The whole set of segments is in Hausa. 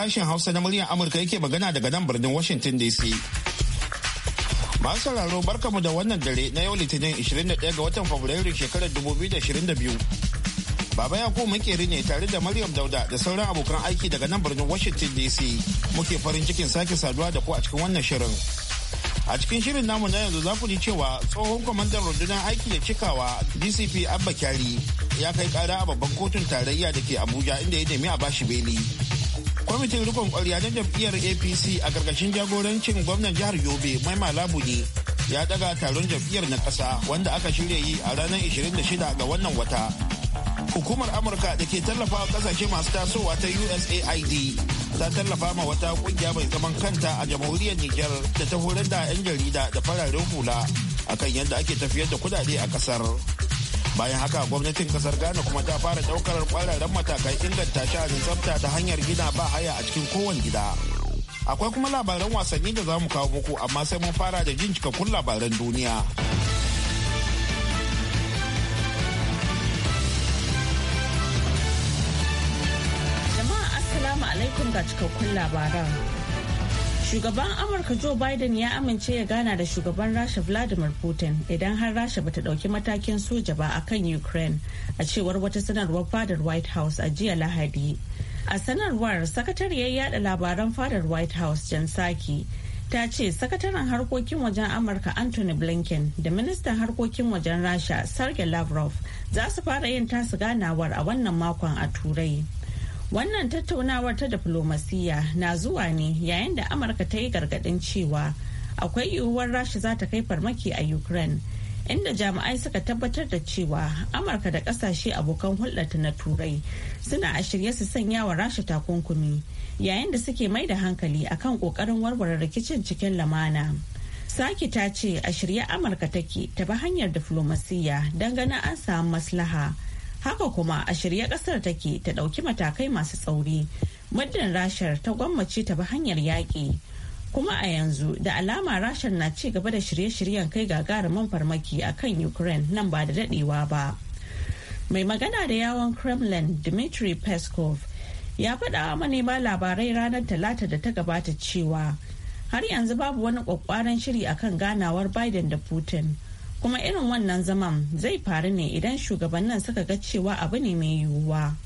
sashen Hausa na muryar Amurka yake magana daga nan birnin Washington DC. Masu sauraro barkamu da wannan dare na yau Litinin 21 ga watan Fabrairu shekarar 2022. Baba Yakubu makeri ne tare da Maryam Dauda da sauran abokan aiki daga nan birnin Washington DC. Muke farin cikin sake saduwa da ku a cikin wannan shirin. a cikin shirin namu na yanzu za ku ji cewa tsohon kwamandan rundunar aiki da cikawa dcp abba kyari ya kai kara a babban kotun tarayya da ke abuja inda ya nemi a bashi beli kwamitin rikon kwarya na jam'iyyar apc a karkashin jagorancin gwamnan jihar yobe mai malabu ya daga taron jam'iyyar na ƙasa wanda aka shirya yi a ranar 26 ga wannan wata hukumar amurka da ke tallafa tallafawa kasashe masu tasowa ta usaid ta tallafa ma wata kungiya mai zaman kanta a jamhuriyar niger da ta horar da 'yan jarida da fararen hula akan yadda ake tafiyar da kudade a kasar bayan haka gwamnatin kasar ghana kuma ta fara daukar kwararren matakai inganta sha'anin tsafta ta hanyar gina ba haya a cikin kowane gida akwai kuma labaran wasanni da za mu kawo muku amma sai mun fara da jin cikakkun labaran duniya jama'a assalamu alaikum ga cikakkun labaran Shugaban Amurka Joe Biden ya amince ya gana da shugaban Rasha Vladimir Putin idan har Rasha bata dauki matakin soja ba akan Ukraine a cewar wata sanarwar fadar White House a jiya Lahadi. A sanarwar sakatariyar yada labaran fadar White House Jan Saki ta ce sakataren harkokin wajen Amurka Anthony Blinken da ministan harkokin wajen Rasha Sergey Lavrov za su fara yin tasu ganawar a wannan makon a Turai. Wannan tattaunawar ta diflomasiyya na zuwa ne yayin da Amurka ta yi gargadin cewa akwai yiwuwar Rasha za ta kai farmaki a Ukraine. inda jami'ai suka tabbatar da cewa amurka da kasashe abokan hulɗarta na turai suna a shirye su sanya wa rasha takunkumi yayin da suke mai da hankali akan kokarin warware rikicin cikin lamana saki ta ce a shirye amurka take ta bi hanyar diflomasiyya don ganin an samu maslaha haka kuma a shirye kasar take ta ɗauki matakai masu tsauri muddin rashar ta gwammace ta bi hanyar yaƙi kuma a yanzu da alama rashar na ci gaba da shirye-shiryen kai gagarumin farmaki a kan ukraine nan ba da dadewa ba mai magana da yawon kremlin dmitry peskov ya faɗa wa manema labarai ranar talata da ta gabata cewa har yanzu babu wani kwakwaran shiri akan ganawar biden da putin kuma irin wannan zaman zai faru ne idan shugabannin suka ga cewa abu ne mai yiwuwa.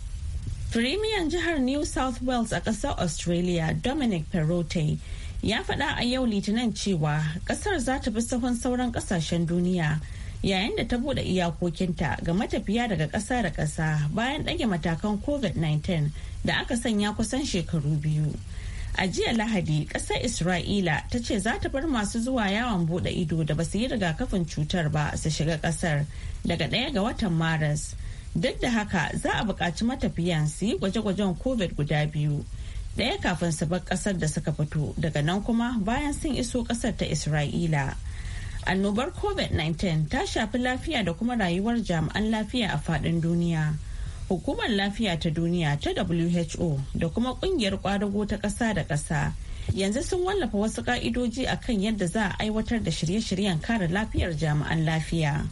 Firimiyan jihar New South Wales a ƙasar Australia Dominic Perrottet ya faɗa a yau litinin cewa ƙasar za ta bi sahun sauran ƙasashen duniya yayin da ta buɗe iyakokinta ga matafiya daga ƙasa da ƙasa bayan ɗage matakan covid-19 da aka sanya kusan shekaru biyu a jiya lahadi ƙasar isra'ila ta ce za ta bar masu zuwa yawon bude ido da ba su yi rigakafin cutar ba su shiga ƙasar daga ɗaya ga watan maris duk da haka za a buƙaci matafiyan su yi gwaje-gwajen covid guda biyu ɗaya kafin su bar ƙasar da suka fito daga nan kuma bayan sun iso ƙasar ta isra'ila annobar covid-19 ta shafi lafiya da kuma rayuwar jami'an lafiya a faɗin duniya. hukumar lafiya ta duniya ta who da kuma kungiyar kwadago ta ƙasa da ƙasa yanzu sun wallafa wasu ka'idoji kan yadda za a aiwatar da shirye-shiryen kare lafiyar jami'an lafiya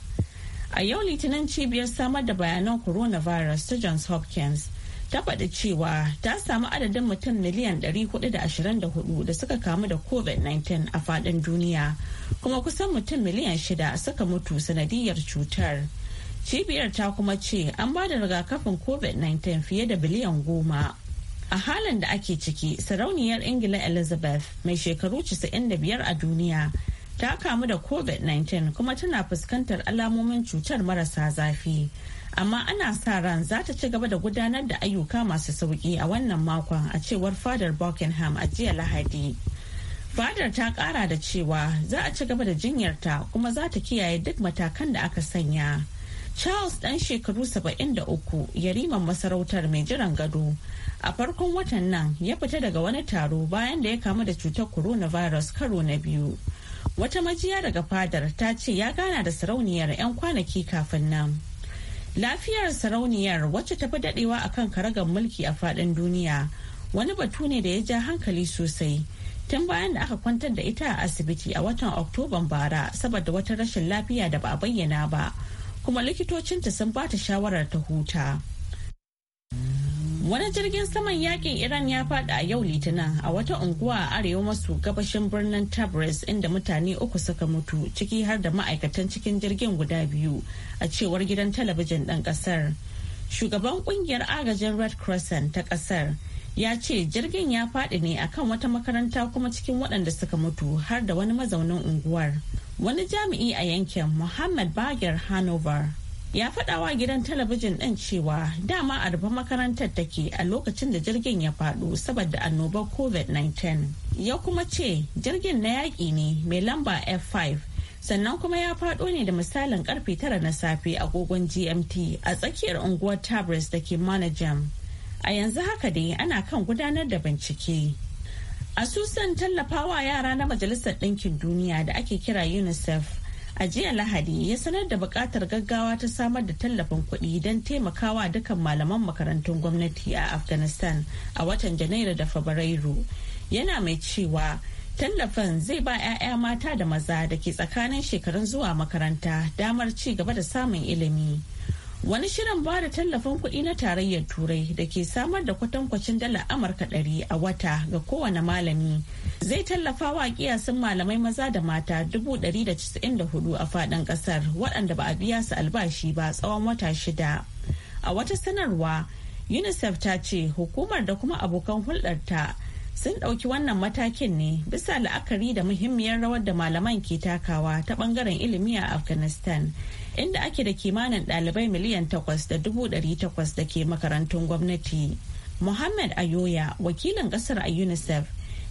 a yau litinin cibiyar samar da bayanan coronavirus ta johns hopkins ta faɗi cewa ta samu adadin mutum miliyan 424 da suka kamu da covid-19 a faɗin duniya kuma kusan mutum miliyan 6 suka mutu sanadiyar cutar. cibiyar ta kuma ce an ba da rigakafin covid-19 fiye da biliyan goma a halin da ake ciki sarauniyar ingila elizabeth mai shekaru 95 a duniya ta kamu da covid-19 kuma tana fuskantar alamomin cutar marasa zafi amma ana sa ran za ta ci gaba da gudanar da ayyuka masu sauki a wannan makon a cewar fadar buckingham a jiya lahadi fadar ta kara da cewa za a ci gaba da jinyarta kuma za ta kiyaye duk matakan da aka sanya. Charles Dan shekaru 73 yariman masarautar mai jiran gado a farkon watan nan ya fita daga wani taro bayan da ya kamu da cutar coronavirus karo na biyu. Wata majiya daga fadar ta ce ya gana da sarauniyar 'yan kwanaki kafin nan. Lafiyar sarauniyar wacce ta fi daɗewa a kan karagar mulki a fadin duniya wani batu ne da ya ja hankali sosai tun bayan da aka kwantar da ita a asibiti a watan Oktoban bara saboda wata rashin lafiya da ba a bayyana ba. kuma likitocinta sun ba ta shawarar ta huta. Wani jirgin saman yakin Iran ya fada a yau Litinin a wata unguwa a arewa Masu gabashin birnin Tabriz inda mutane uku suka mutu ciki har da ma'aikatan cikin jirgin guda biyu a cewar gidan talabijin ɗan ƙasar. Shugaban ƙungiyar agajin Red Crescent ta ƙasar ya ce jirgin ya faɗi ne akan wata makaranta kuma cikin waɗanda suka mutu har da wani mazaunin unguwar. wani jami'i a yankin muhammad bagir hanover ya faɗawa gidan talabijin ɗin cewa dama a rufe makarantar take a lokacin da jirgin ya faɗo saboda annobar covid-19 ya kuma ce jirgin na yaƙi ne mai lamba f5 sannan kuma ya faɗo ne da misalin karfe tara na safe agogon gmt a tsakiyar unguwar tabris da ke manajam a yanzu haka dai ana kan gudanar da bincike Asusun tallafawa yara na Majalisar Ɗinkin Duniya da ake kira UNICEF a jiya Lahadi ya sanar da buƙatar gaggawa ta samar da tallafin kuɗi don taimakawa dukkan malaman makarantun gwamnati a Afghanistan a watan Janairu da Fabrairu. Yana mai cewa tallafin zai ba 'ya'ya mata da maza da ke tsakanin shekarun zuwa makaranta damar ci gaba da samun ilimi. wani shirin ba da tallafin kuɗi na tarayyar turai da ke samar da kwatankwacin dala amurka ɗari a wata ga kowane malami zai tallafa wa kiyasin malamai maza da mata dubu ɗari da da hudu a faɗin ƙasar waɗanda ba a biya su albashi ba tsawon wata shida a wata sanarwa unicef ta ce hukumar da kuma abokan hulɗarta sun ɗauki wannan matakin ne bisa la'akari da muhimmiyar rawar da malaman ke takawa ta ɓangaren ilimi a afghanistan inda ake da kimanin ɗalibai miliyan takwas da dubu ɗari takwas da ke makarantun gwamnati muhammad ayoya wakilin ƙasar a unicef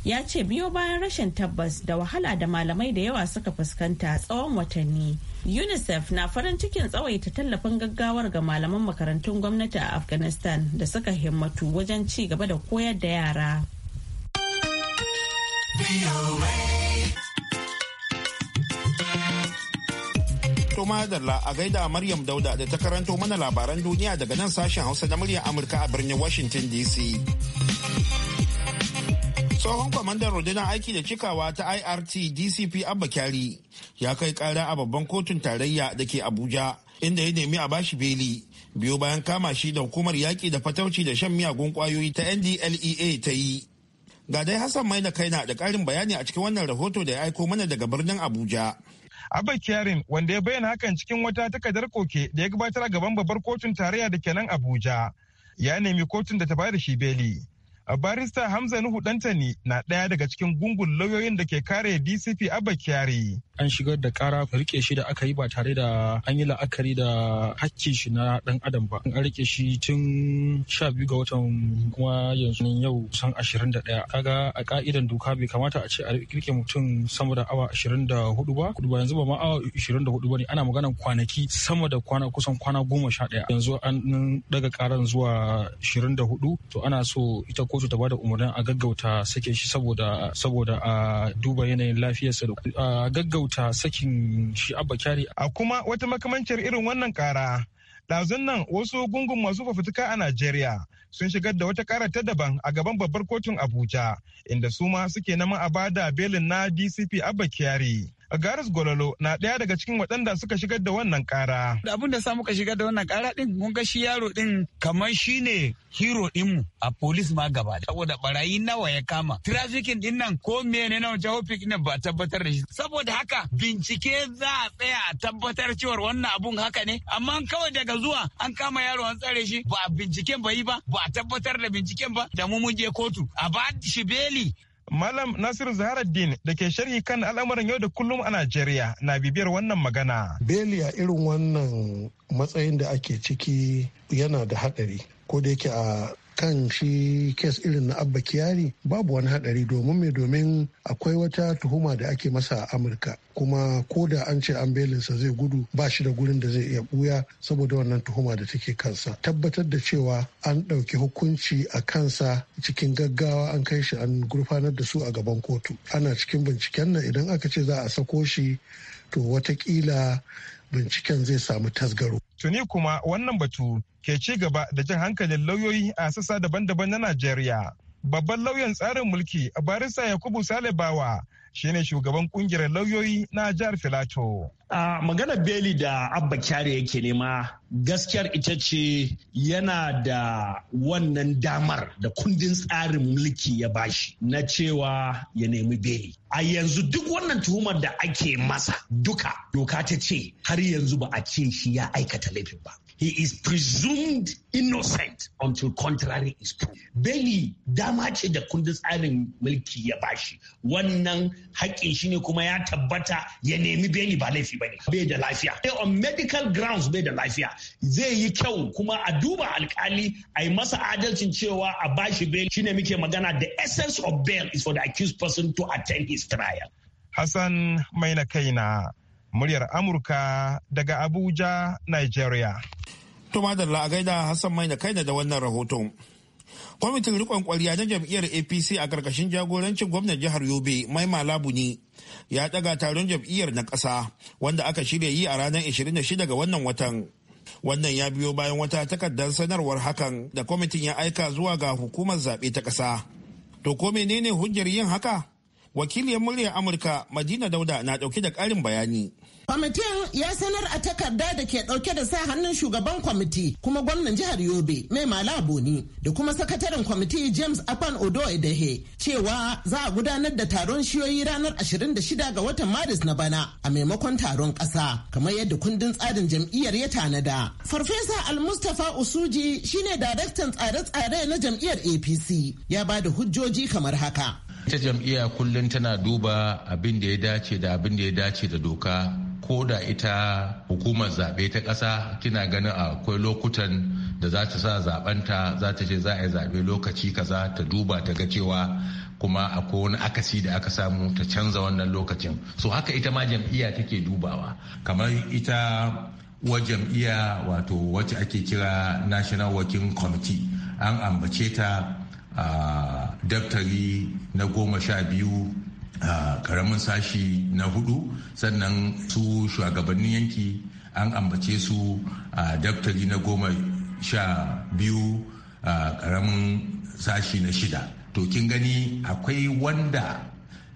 ya ce biyo bayan rashin tabbas da wahala da malamai da yawa suka fuskanta tsawon watanni unicef na farin cikin tsawaita tallafin gaggawar ga malaman makarantun gwamnati a afghanistan da suka himmatu wajen ci gaba da koyar da yara Toma a gaida Maryam Dauda da ta karanto mana labaran duniya daga nan sashen Hausa na muryar Amurka a birnin Washington DC. Tsohon kwamandan rundunar aiki da cikawa ta IRT DCP Abba Kyari ya kai kara a babban kotun tarayya da ke Abuja inda ya nemi a bashi beli biyo bayan kama shi da hukumar yaƙi da fatauci da shan miyagun ƙwayoyi ta NDLEA ta yi Ga dai Hassan kai na da ƙarin bayani a cikin wannan rahoto da ya aiko mana daga birnin Abuja. Abba Kyarin wanda ya bayyana hakan cikin wata takardar koke da ya gabatar a gaban babbar kotun tarayya da ke nan Abuja. Ya nemi kotun da ta bayar shi beli. Barista Hamza Nuhu Dantani na ɗaya daga cikin gungun lauyoyin da ke kare DCP Abba Kyari. an shigar da kara rike shi da aka yi ba tare da an yi la'akari da hakkin shi na dan adam ba an rike shi tun sha biyu ga watan kuma yanzu yau san ashirin da ɗaya kaga a ka'idan doka bai kamata a ce a rike mutum sama da awa ashirin da hudu ba ba yanzu ba ma awa ashirin da hudu ba ne ana maganan kwanaki sama da kwana kusan kwana goma sha ɗaya yanzu an daga karan zuwa ashirin da hudu to ana so ita kotu ta bada umarnin a gaggauta sake shi saboda saboda a duba yanayin lafiyarsa a gaggauta rubuta sakin shi abba kyari. A kuma wata makamancin irin wannan kara ɗazun nan wasu gungun masu fafutuka a Najeriya sun shigar da wata kara ta daban a gaban babbar kotun Abuja inda su ma suke nama a bada belin na DCP Abba Kyari. Garis Gololo na ɗaya daga cikin waɗanda suka shigar da wannan kara. Da abin da sa muka shigar da wannan ƙara ɗin mun ga shi yaro ɗin kamar shi ne hero mu a polis ma gaba saboda barayi nawa ya kama. Trafficking ɗin nan ko mene na wancan hopik ne ba tabbatar da shi. Saboda haka bincike za a tsaya a tabbatar cewar wannan abun haka ne amma kawai daga zuwa an kama yaro an tsare shi ba binciken ba yi ba ba tabbatar da binciken ba da mu mun je kotu a ba shi beli Malam Nasir Zaharaddin da ke sharhi kan al'amuran yau da kullum a Najeriya na bibiyar wannan magana. Beli a irin wannan matsayin da ake ciki yana da haɗari. Ko da yake a kan shi kes irin na abba kiyari. babu wani hadari domin mai domin akwai wata tuhuma da ake masa a amurka kuma ko da an ce an belinsa zai gudu ba shi da gurin da zai iya buya saboda wannan tuhuma da take kansa tabbatar da cewa an ɗauki hukunci a kansa cikin gaggawa an kai shi an gurfanar da su a gaban kotu ana cikin binciken nan idan aka ce za a sako shi to watakila binciken zai samu tasgaro tuni kuma wannan batu ke ci gaba da jan hankalin lauyoyi a sassa daban-daban na najeriya babban lauyan tsarin mulki barista yakubu sale bawa shine shugaban kungiyar lauyoyi na jihar filato a magana beli da abba kyare yake nema gaskiyar ita ce yana da wannan damar da kundin tsarin mulki ya bashi na cewa ya nemi beli a yanzu duk wannan tuhumar da ake masa duka doka ta ce har yanzu ba a ce shi ya aikata laifin ba he is presumed innocent until contrary is proved. Beli dama ce da kundin tsarin mulki ya bashi wannan haƙƙin shi ne kuma ya tabbata ya nemi beli ba laifi ba ne bai da lafiya. Eh, on medical grounds bai da lafiya zai yi kyau kuma a duba alkali a yi masa adalcin cewa a bashi beli shine muke magana the essence of bail is for the accused person to attend his trial. Hassan Maina Kaina muryar Amurka daga Abuja, Nigeria. Tumadar madalla a gaida Hassan mai da kaina da wannan rahoton. Kwamitin rikon kwarya na jam'iyyar APC a karkashin jagorancin gwamnan jihar Yobe Mai Malabu ya ɗaga taron jam'iyyar na ƙasa wanda aka shirya yi a ranar 26 ga wannan watan. Wannan ya biyo bayan wata takardar sanarwar hakan da kwamitin ya aika zuwa ga hukumar zaɓe ta ƙasa. To ko menene hujjar yin haka? wakiliyar muryar amurka madina dauda na dauke da karin bayani kwamitin ya sanar a takarda da ke dauke da sa hannun shugaban kwamiti kuma gwamnan jihar yobe mai mala boni da kuma sakataren kwamiti james akwan odo edehe cewa za a gudanar da taron shiyoyi ranar 26 ga watan maris na bana a maimakon taron kasa kamar yadda kundin tsarin jam'iyyar ya tanada farfesa almustafa usuji shine daraktan tsare-tsare na jam'iyyar apc ya ba da hujjoji kamar haka ita jam'iyya kullum tana duba abin da ya dace da abin da ya dace da doka ko da ita hukumar zaɓe ta ƙasa kina ganin akwai lokutan da za ta sa zaɓenta za ta ce za a yi zaɓe lokaci kaza ta duba ta ga cewa kuma akwai wani akasi da aka samu ta canza wannan lokacin so haka ita ma jam'iyya take dubawa kamar ita wa jam'iyya wato wacce ake kira national working committee an ambace ta a ah, daftari na goma sha biyu a karamin sashi na hudu sannan su shugabannin yanki an ambace su a daftari na goma sha biyu a karamin sashi na shida to kin gani akwai wanda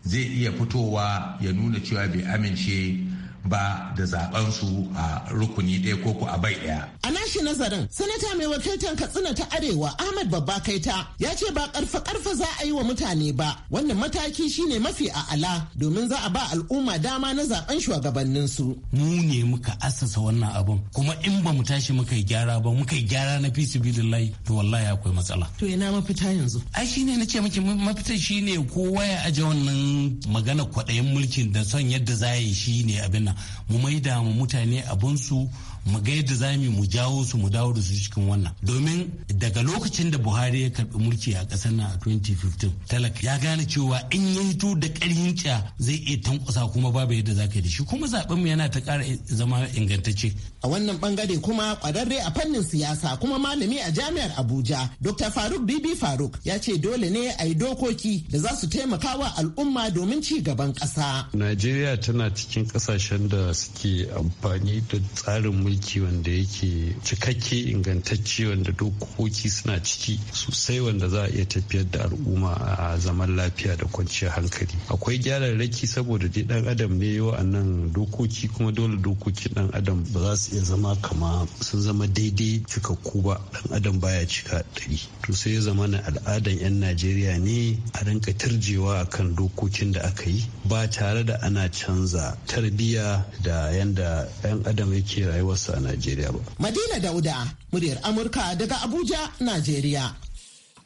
zai iya fitowa ya nuna cewa bai amince ba da zaben su a rukuni ɗaya ko ku a bai ɗaya. A nashi nazarin sanata mai wakiltar Katsina ta Arewa Ahmad Babba Kaita ya ce ba karfa karfa za a yi wa mutane ba wannan mataki shine mafi a'ala domin za a ba al'umma dama na zaben shugabannin su. Mu ne muka asasa wannan abun kuma in ba mu tashi muka yi gyara ba muka yi gyara na fisi sabilillahi to wallahi akwai matsala. To ina mafita yanzu? Ai shine na ce miki mafita shine kowa ya aje wannan magana kwaɗayin mulkin da son yadda za yi shi ne abin nan mu maida mu mutane abinsu mu ga yadda za mu jawo su mu dawo da su cikin wannan domin daga lokacin da buhari ya karbi mulki a kasar nan a 2015 talaka ya gane cewa in ya hito da kya zai iya tankwasa kuma babu yadda za ka yi da shi kuma zaben mu yana ta kara zama ingantacce a wannan bangare kuma kwararre a fannin siyasa kuma malami a jami'ar abuja dr faruk bibi faruk ya ce dole ne a yi dokoki da za su taimaka wa al'umma domin ci gaban kasa. najeriya tana cikin kasashen da suke amfani da tsarin mulki aiki wanda yake cikakke ingantacce wanda dokoki suna ciki sosai wanda za a iya tafiyar da al'umma a zaman lafiya da kwanciyar hankali akwai gyararraki saboda dai dan adam ne yau a nan dokoki kuma dole dokoki dan adam ba za su iya zama kama sun zama daidai cikakku ba dan adam baya cika dari to sai ya zama na al'adan 'yan najeriya ne a rinka turjewa akan dokokin da aka yi ba tare da ana canza tarbiyya da yanda 'yan adam yake rayuwarsa ƙasa Najeriya ba. Madina Dauda, muryar Amurka daga Abuja, Najeriya.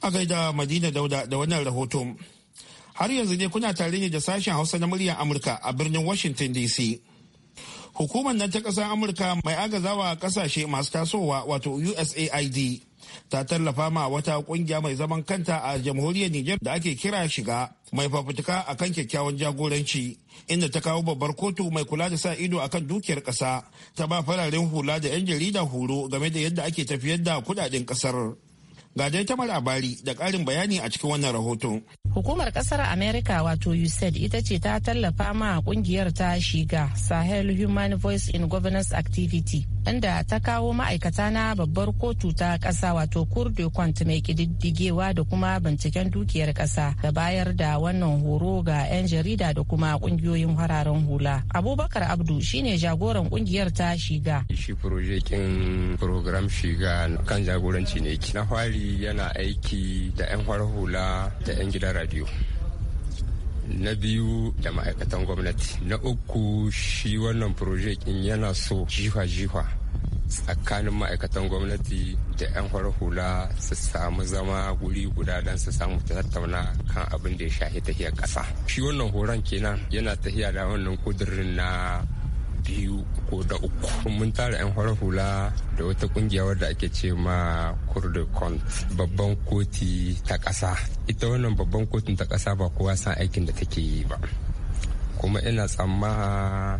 A gaida Madina Dauda da wannan rahoton. Har yanzu ne kuna tare ne da sashen Hausa na muryar Amurka a birnin Washington DC. Hukumar nan ta ƙasar Amurka mai agazawa ƙasashe masu tasowa wato USAID ta tallafa ma wata kungiya mai zaman kanta a jamhuriyar Nijar da ake kira shiga mai fafutuka a kan kyakkyawan jagoranci inda ta kawo babbar kotu mai kula da sa ido akan dukiyar kasa ta ba fararen hula da 'yan jarida horo game da yadda ake tafiyar da kudaden kasar Ga dai ta abari da ƙarin bayani a cikin wannan rahoton. Hukumar kasar America wato USAID ita ce ta tallafa ma kungiyar ta shiga Sahel Human Voice in Governance Activity inda ta kawo ma'aikata na babbar kotu ta ƙasa wato kurde kwant mai kididdigewa da kuma binciken dukiyar ƙasa da bayar da wannan horo ga 'yan jarida da kuma ƙungiyoyin hararen hula abubakar abdu shine jagoran ƙungiyar ta shiga shi projekin program shiga kan jagoranci ne na fari yana aiki da 'yan farar hula da 'yan gidan radio na biyu da ma'aikatan gwamnati na uku shi wannan projekin yana so jifa-jifa tsakanin ma'aikatan gwamnati da 'yan hula su samu zama guri guda don su samu tattauna kan abin da ya shahi tahiyar ƙasa shi wannan horon kenan yana tahiya da wannan kudirin na biyu ko da uku mun tara 'yan hula da wata kungiya wadda ake ce ma kurdicon babban koti ta ƙasa ita wannan babban kotun ta ƙasa ba kowa san aikin da take yi ba kuma ina tsammaha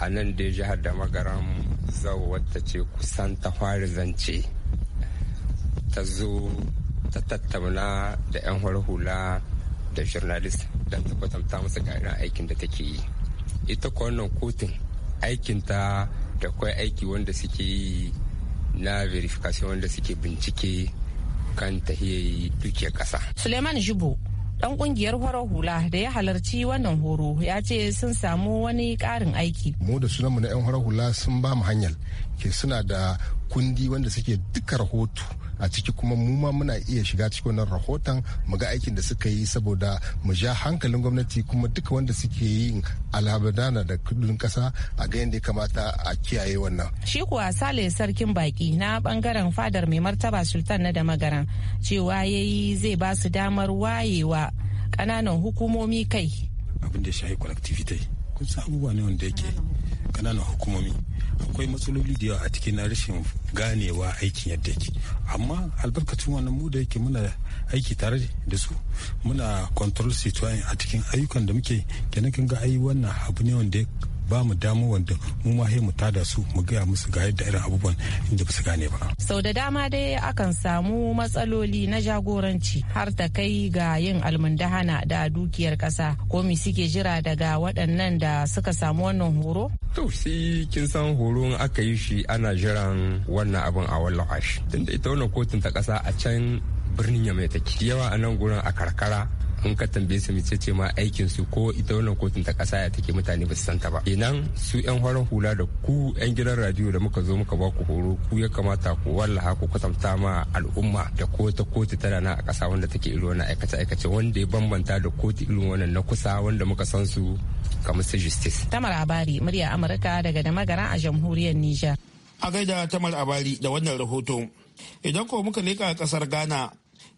a nan dai jihar da magaram zau wata ce kusan ta fari zance ta zo ta tattauna da 'yan hula da journalist don ta kwatanta masa ga aikin da take yi ita kuwa wannan kotun aikinta da kwai aiki wanda suke yi na verification wanda suke bincike kan tahiyayi dukiyar kasa. Suleiman Jibo dan kungiyar horo hula da ya halarci wannan horo ya ce sun samu wani karin aiki mu da sunanmu na yan horo hula sun ba mu hanyar ke suna da kundi wanda suke duka rahoto a ciki kuma mu ma muna iya shiga cikin wannan rahoton mu ga aikin da suka yi saboda mu ja hankalin gwamnati kuma duka wanda suke yin alhabadana da kudin kasa a ga yadda kamata a kiyaye wannan. Shi kuwa Sale sarkin baki na bangaren fadar mai martaba sultan na da magaran cewa yayi zai ba su damar wayewa kananan hukumomi kai. Abin da shahi collectivity kun san abubuwa ne wanda yake kananan hukumomi akwai matsaloli da yawa a cikin na rashin ganewa aikin yadda yake amma albarkacin wannan mu da yake muna aiki tare da su muna control situation a cikin ayyukan da muke kenan kin ga ai wannan abu ne wanda ba mu damu wanda mu ma mu tada su mu gaya musu ga yadda irin abubuwan inda ba su gane ba. Sau da dama dai akan samu matsaloli na jagoranci har ta kai ga yin almundahana da dukiyar kasa ko mi suke jira daga waɗannan da suka samu wannan horo? To si kin san horo aka yi shi ana jiran wannan abin a wallafa shi. Tunda ita wannan kotun ta kasa a can birnin yamai mai take. Yawa a nan gurin a karkara in ka tambaye su mace ce ma aikin su ko ita wannan kotun ta kasa ya take mutane ba su san ba kenan su yan horon hula da ku yan gidan radio da muka zo muka ba ku horo ku ya kamata ku wallaha ku kwatanta ma al'umma da ko ta kotu tana na a kasa wanda take irin wannan aikace aikace wanda ya bambanta da kotu irin wannan na kusa wanda muka san su kamar su justice tamar abari murya amurka daga da magara a jamhuriyar niger a gaida tamar abari da wannan rahoton idan ko muka leka kasar ghana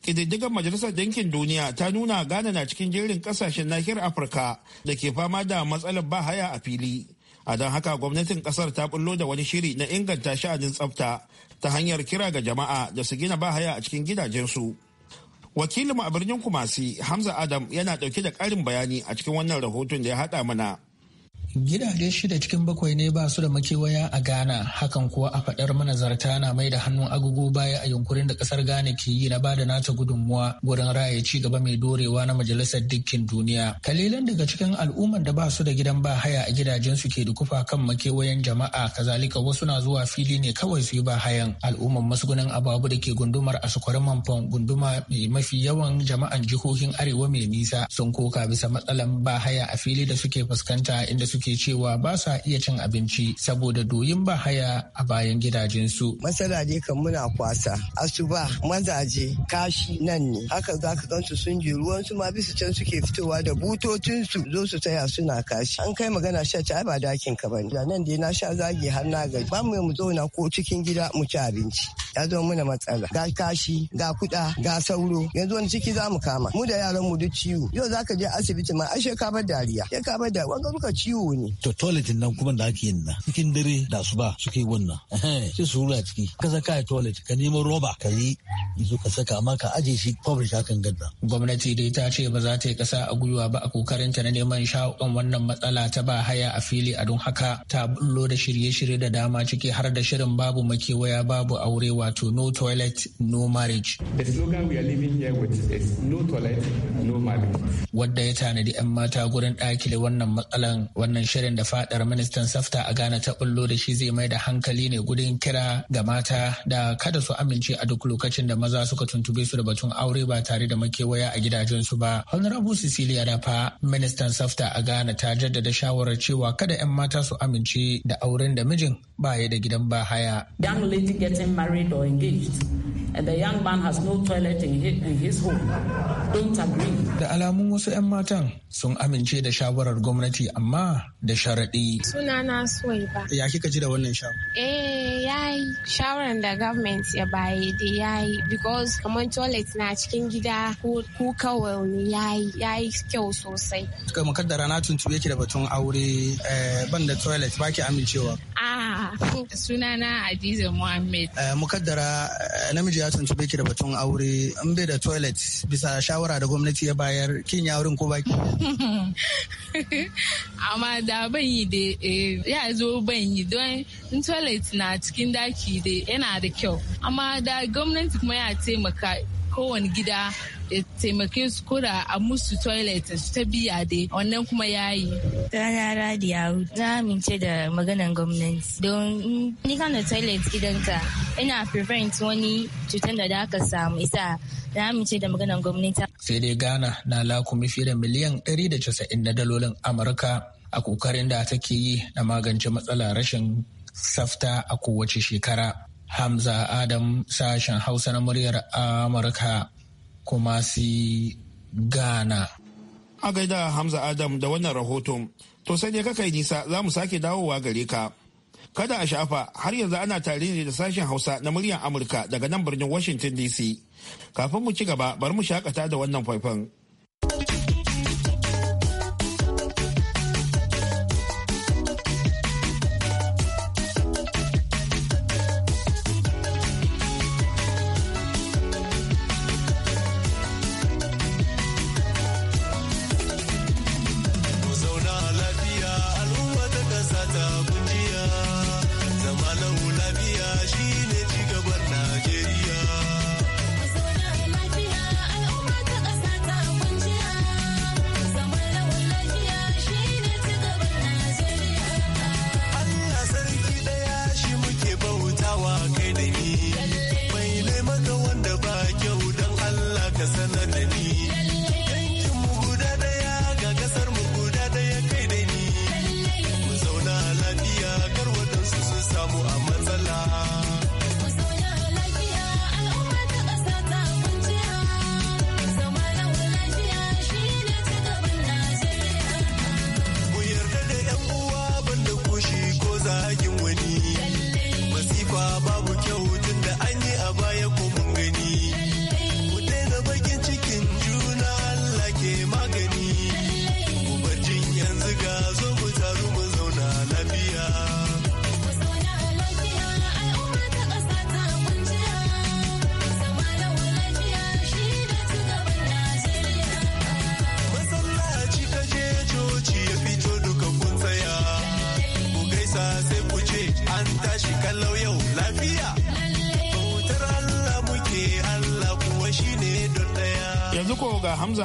ƙididdigar majalisar dinkin duniya ta nuna ghana na cikin jerin ƙasashen nahiyar afirka da ke fama da matsalar bahaya a fili a don haka gwamnatin ƙasar ta bullo da wani shiri na inganta sha'anin tsafta ta hanyar kira ga jama'a da su gina bahaya a cikin gidajensu wakilinmu a birnin kumasi hamza adam yana ɗauke da ƙarin bayani a cikin wannan rahoton da ya haɗa mana Gidaje shida cikin bakwai ne ba su da makewaya a Ghana, hakan kuwa a faɗar manazarta na mai da hannun agogo baya a yunkurin da ƙasar Ghana ke yi na ba da nata gudunmuwa gurin raya ci gaba mai dorewa na Majalisar Dukkin Duniya. Kalilan daga cikin al'umman da ba su da gidan ba haya a su ke da kufa kan makewayen jama'a, kazalika wasu na zuwa fili ne kawai su yi ba hayan. Al'umman masugunin ababu da ke gundumar a sukwarin manfan gunduma mai mafi yawan jama'an jihohin arewa mai nisa sun koka bisa matsalan ba haya a fili da suke fuskanta inda suke suke cewa ba sa iya cin abinci saboda doyin ba haya a bayan gidajensu. Masana ne kan muna kwasa, asuba, mazaje, kashi nan ne. Haka za ka gansu sun ji ruwan su ma bisa can suke fitowa da butotinsu zo su taya suna kashi. An kai magana sha ta ba dakin ka bane. Da nan dai na sha zagi har na gaji. Ba mu mu zauna ko cikin gida mu ci abinci. Ya zo muna matsala. Ga kashi, ga kuɗa, ga sauro. Yanzu wani ciki za mu kama. Mu da yaran mu duk ciwo. Yau za ka je asibiti ma ashe ka bar dariya. Ya ka bar da muka ciwo yawo ne. To toilet nan kuma da ake yin na cikin dare da su ba suke wannan. Sai su rura ciki ka saka toilet ka nemo roba ka yi yanzu ka saka amma ka aje shi publish hakan gadda. Gwamnati dai ta ce ba za ta yi kasa a gwiwa ba a kokarin ta na neman shawarar wannan matsala ta ba haya a fili a don haka ta bullo da shirye-shirye da dama ciki har da shirin babu makewaya babu aure wato no toilet no marriage. The slogan we are living here with is no toilet Wadda ya tanadi 'yan mata gurin dakile wannan matsalan wannan shirin da fadar ministan safta a Ghana ta bullo da shi zai mai da hankali ne gudun kira ga mata da kada su amince a duk lokacin da maza suka tuntube su da batun aure ba tare da makewaya a gidajen su ba. Honorable Cecilia Dafa, ministan safta a Ghana ta jaddada shawarar cewa kada 'yan mata su amince da auren da mijin ba ya da gidan ba haya. and the young man has no toilet in his, in his home don't agree da alamun wasu 'yan matan sun amince da shawarar gwamnati amma da sharaɗi sunana suwai ba ya kika ji da wannan shawara eh yi shawaran da government ya baye da yi because kamar toilet na cikin gida ko kawai ne yayi yayi kyau sosai kamar kaddara na tuntube ki da batun aure eh, ban da toilet ba ki amincewa a ah. sunana Adiza Muhammad eh, mukaddara eh, namiji ya tuntube ki da batun aure in bai da toilet bisa shawara da gwamnati ya bayar kin ya wurin ko ki amma da ban yi da eh, ya zo ban yi don in toilet na cikin daki da yana da kyau amma da gwamnati kuma ya taimaka kowane gida ya taimake su kura a musu toilet su ta biya dai wannan kuma ya yayi. Rana radiya na amince da maganan gwamnati don ni kan da toilet gidanta ina prevent wani cutar da aka samu isa na amince da maganan gwamnati. Sai dai Ghana na lakumi fiye da miliyan 190 na dalolin Amurka a kokarin da take yi na magance matsalar rashin tsafta a kowace shekara. Hamza Adam sashen Hausa na muryar Amurka kuma si Ghana. A gaida Hamza Adam da wannan rahoton, to sai dai kakai nisa za mu sake dawowa gare ka. Kada a shafa har yanzu ana tare ne da sashen Hausa na muryar Amurka daga nan birnin Washington DC. Kafin mu ci gaba bari mu shakata da wannan faifan.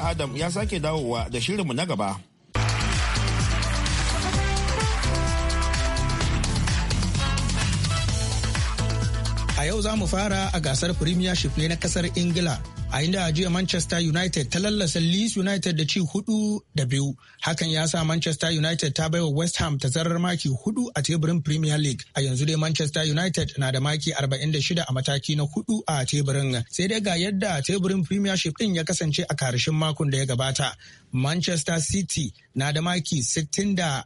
adam ya sake dawowa da shirinmu na gaba a yau za mu fara a gasar premiership ne na kasar ingila a inda a jiya Manchester United ta lallasa Leeds United da ci hudu da biyu. Hakan ya sa Manchester United ta baiwa West Ham ta zarar maki hudu a teburin Premier League. A yanzu dai Manchester United na da maki 46 a mataki na hudu a teburin. Sai dai ga yadda teburin Premiership din ya kasance a karshen makon da ya gabata. Manchester City na da maki 63,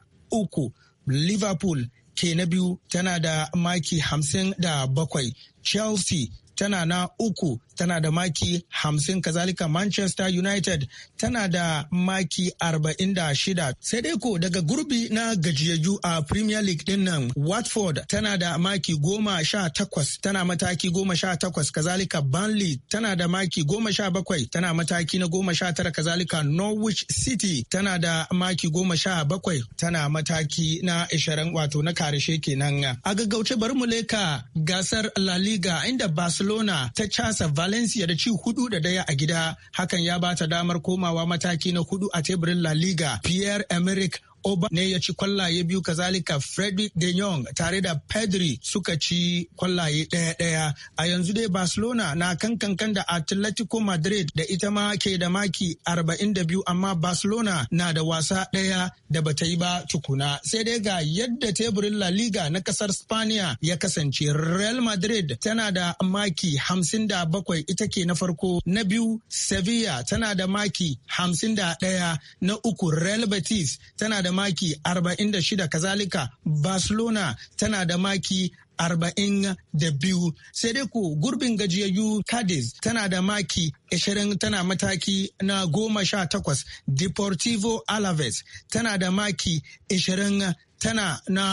Liverpool ke na biyu tana da maki 57, Chelsea tana na uku tana da maki 50 kazalika Manchester United tana da maki 46 sai dai ko daga gurbi na gajiyayyu a Premier League din nan Watford tana da maki 18 tana mataki 18 kazalika Burnley tana da maki 17 tana mataki na 19 kazalika Norwich City tana da maki 17 tana mataki na 20 wato na karshe kenan a gaggauce bari mu leka gasar La Liga inda Barcelona ta casa Val Valencia da ci hudu da daya a gida hakan ya bata damar komawa mataki na hudu a teburin La Liga. Pierre Emerick Oba ne ya ci kwallaye biyu kazalika Frederick de Jong tare da Pedri suka ci kwallaye ɗaya-ɗaya. A yanzu dai Barcelona na kan kankan da Atletico Madrid da ita ma ke da maki 42 amma Barcelona na da wasa ɗaya da bata yi ba tukuna. Sai dai ga yadda teburin La Liga na kasar Spaniya ya kasance Real Madrid tana da maki 57 ita ke na farko na biyu Sevilla tana da maki 51 na uku Real Betis tana da da maki 46 kazalika barcelona tana da maki arba'in da biyu sai dai ko gurbin gajiyayyu cadiz tana da maki ashirin tana mataki na goma sha takwas deportivo alaves tana da maki ashirin tana na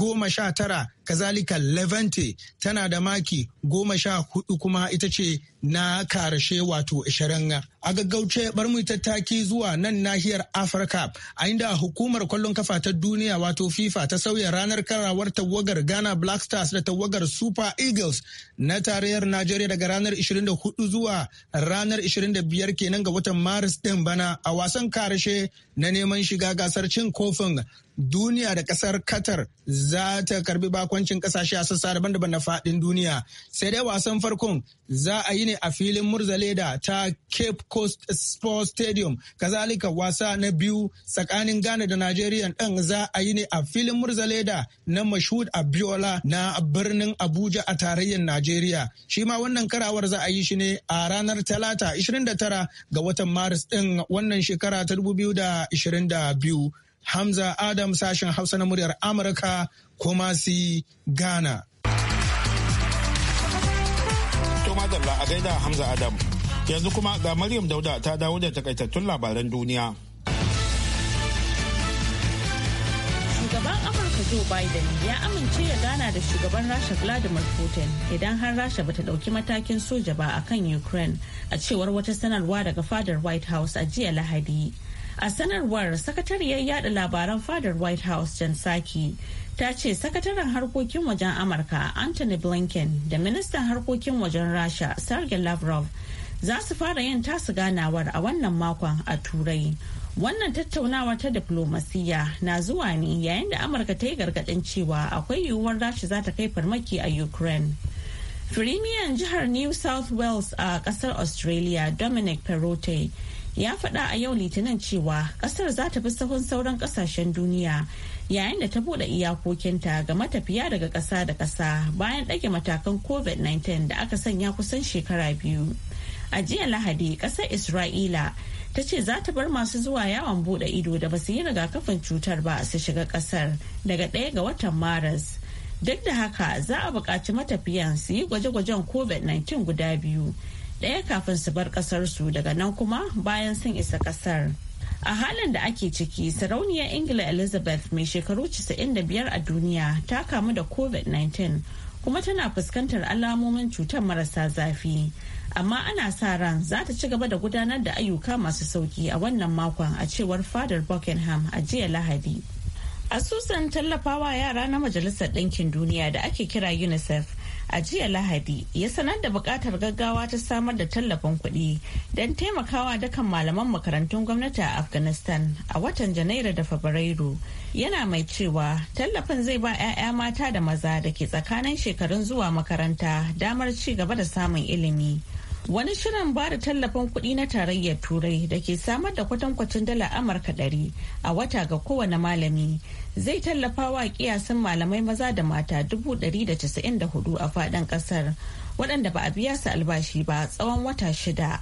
goma sha tara kazalika levante tana da maki goma sha hudu kuma ita ce na karashe wato ashirin. a gaggauce bar mu tattaki zuwa nan nahiyar afirka a inda hukumar kwallon kafa ta duniya wato fifa ta sauya ranar karawar tawagar ghana black stars Stars da tawagar Super Eagles na tarayyar Najeriya daga ranar 24 zuwa ranar 25 kenan ga watan Maris din bana a wasan karshe na neman shiga gasar cin kofin duniya da kasar Qatar za ta karbi bakoncin kasashe a sassa daban-daban na fadin duniya. Sai dai wasan farkon za a yi ne a filin Murzaleda ta Cape Coast Sports Stadium. Kazalika wasa na biyu tsakanin Ghana da Nigeria ɗin za a yi ne a filin Murzaleda na Mashud Abiola na birnin Abuja a tarayyar Najeriya. Shi ma wannan karawar za a yi shi ne a ranar Talata 29 ga watan Maris ɗin wannan shekara ta da 22 Hamza Adam sashen Hausa na muryar Amurka kuma si Ghana. a gaida Hamza Adam. Yanzu kuma ga Maryam Dauda ta dawo da takaitattun labaran duniya. Shugaban Amurka Joe Biden ya amince ya gana da shugaban Rasha Vladimir Putin idan har Rasha bata dauki matakin soja ba akan Ukraine a cewar wata sanarwa daga fadar White House a jiya Lahadi. A sanarwar sakatariyar yada labaran fadar White House Jan Saki ta ce sakataren harkokin wajen Amurka Anthony Blinken da ministan harkokin wajen Rasha Sergey Lavrov za su fara yin tasu ganawar a wannan makon a Turai. Wannan tattaunawa ta diplomasiya na zuwa ne yayin da Amurka ta yi gargaɗin cewa akwai yiwuwar Rasha za ta kai farmaki a Ukraine. Firimiyan jihar New South Wales a ƙasar Australia Dominic Perrottet ya faɗa a yau litinin cewa ƙasar za ta fi sahun sauran ƙasashen duniya yayin da ta buɗe iyakokinta ga matafiya daga ƙasa da ƙasa bayan ɗage matakan covid-19 da aka sanya kusan shekara biyu a jiya lahadi ƙasar isra'ila ta ce za ta bar masu zuwa yawon buɗe ido da ba su yi rigakafin cutar ba su shiga ƙasar daga ɗaya ga watan maris duk da haka za a buƙaci matafiyan su yi gwaje-gwajen covid-19 guda biyu ɗaya kafin su bar ƙasarsu daga nan kuma bayan sun isa ƙasar. A halin da ake ciki, sarauniyar Ingila Elizabeth mai shekaru 95 a duniya ta kamu da COVID-19 kuma tana fuskantar alamomin cutar marasa zafi. Amma ana sa ran za ta ci gaba da gudanar da ayyuka masu sauki a wannan makon a cewar fadar Buckingham a jiya Lahadi. Asusun tallafawa yara na Majalisar Ɗinkin Duniya da ake kira UNICEF a jiya lahadi ya sanar da bukatar gaggawa ta samar da tallafin kuɗi don taimakawa dukan malaman makarantun gwamnati a afghanistan a watan janairu da fabrairu yana mai cewa tallafin zai ba 'ya'ya mata da maza da ke tsakanin shekarun zuwa makaranta damar ci gaba da samun ilimi wani shirin ba da tallafin kuɗi na tarayyar turai da ke samar da kwatankwacin dala amurka 100 a wata ga kowane malami zai tallafa wa kiyasin malamai maza da mata 194 a fadin kasar waɗanda ba a biya su albashi ba tsawon wata shida.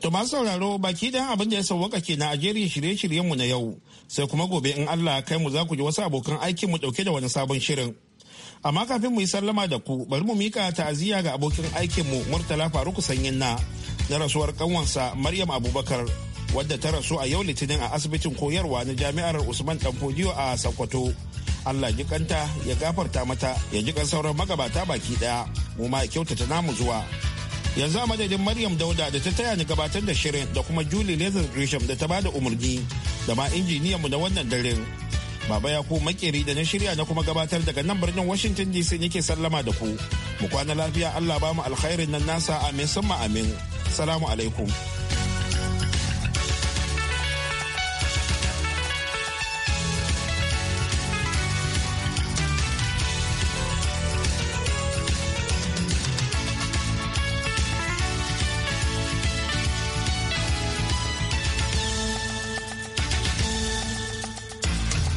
To masu sauraro baki dan abin da ya sauwaka ke na jeri shirye-shiryenmu na yau sai kuma gobe in Allah kai mu za ku ji wasu abokan aikin mu dauke da wani sabon shirin. Amma kafin mu yi sallama da ku bari mu mika ta'aziyya ga abokin aikin mu Murtala Faruku Sanyin na na rasuwar kanwansa Maryam Abubakar wadda ta rasu a yau litinin a asibitin koyarwa na jami'ar usman danfodiyo a sokoto allah jikanta ya gafarta mata ya jikan sauran magabata baki ɗaya. mu ma kyautata namu zuwa yanzu a madadin maryam dauda da ta taya ni gabatar da shirin da kuma julie lezer grisham da ta ba da umarni da ma injiniyanmu na wannan daren Baba ya ku makeri da na shirya na kuma gabatar daga nan birnin Washington DC nake sallama da ku. Mu kwana lafiya Allah ba mu alkhairin nan nasa amin summa amin. Salamu alaikum.